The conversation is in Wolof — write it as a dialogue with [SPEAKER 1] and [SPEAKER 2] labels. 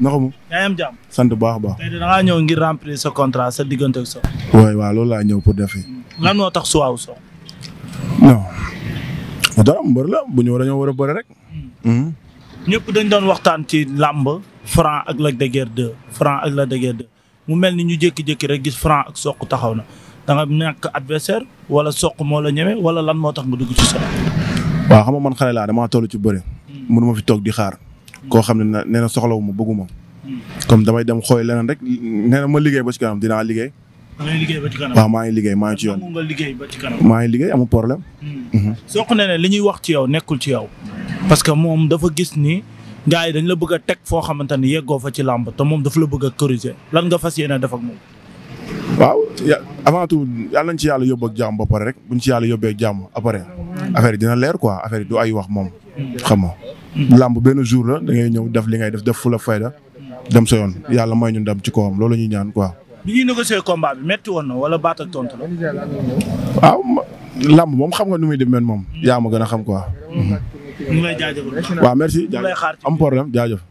[SPEAKER 1] naka mu. yaa am jàmm. sant baax baax.
[SPEAKER 2] tey da ngaa ñëw ngir remplir sa contrat sa diggante ak Sokh.
[SPEAKER 1] waaw waaw loolu laa ñëw pour def fi. Mm.
[SPEAKER 2] lan moo tax suwaaw Sokh.
[SPEAKER 1] non. dara mbër la bu ñëw dañoo war a bëri rek. Mm. Mm.
[SPEAKER 2] ñëpp dañ doon waxtaan ci làmb Franc ak Lac de Guiers 2 ak Lac de Guiers mu mel ni ñu jékki-jékki rek gis Franc ak Sokh taxaw na da nga nekk adversaire wala Sokh moo la ñeme wala lan moo tax nga dugg ci Sokh.
[SPEAKER 1] waaw xam man xale laa damaa toll ci bëri. mënuma fi toog di xaar. koo xam ne nee na soxlawu ma bëggu comme damay dem xooy leneen rek nee na ma liggéey ba ci kanam dinaa liggéey.
[SPEAKER 2] waaw maa ngi liggéey maa ngi ci yoon maa ngi liggéey amul problème. Hmm. Mhm. soo ko ne li ñuy wax ci yow nekkul ci yow parce que moom dafa gis ni gars yi dañ la bëgg a teg foo xamante ni yeggoo fa ci làmp te moom dafa la bëgg a lan nga fas yéene def ak moom.
[SPEAKER 1] waaw avant tout yàlla nañ ci yàlla yóbbu ak jàmm ba pare rek buñ ci yàlla yóbbee jàmm après affaire yi leer quoi affaire yi du wax moom hmm. xam nga làmb benn jour la da ngay ñëw def li ngay def def fu la fayda dem sa yoon yàlla may ñu ndam ci kawam loolu ñuy ñaan quoi.
[SPEAKER 2] bi ñuy négocier combat bi métti woon na wala baata ak tontu la.
[SPEAKER 1] waaw ah, làmb moom xam nga nu muy demee moom. yaa ma gën a xam quoi. ñu
[SPEAKER 2] ngi merci. ñu lay xaar
[SPEAKER 1] ci jaajëf.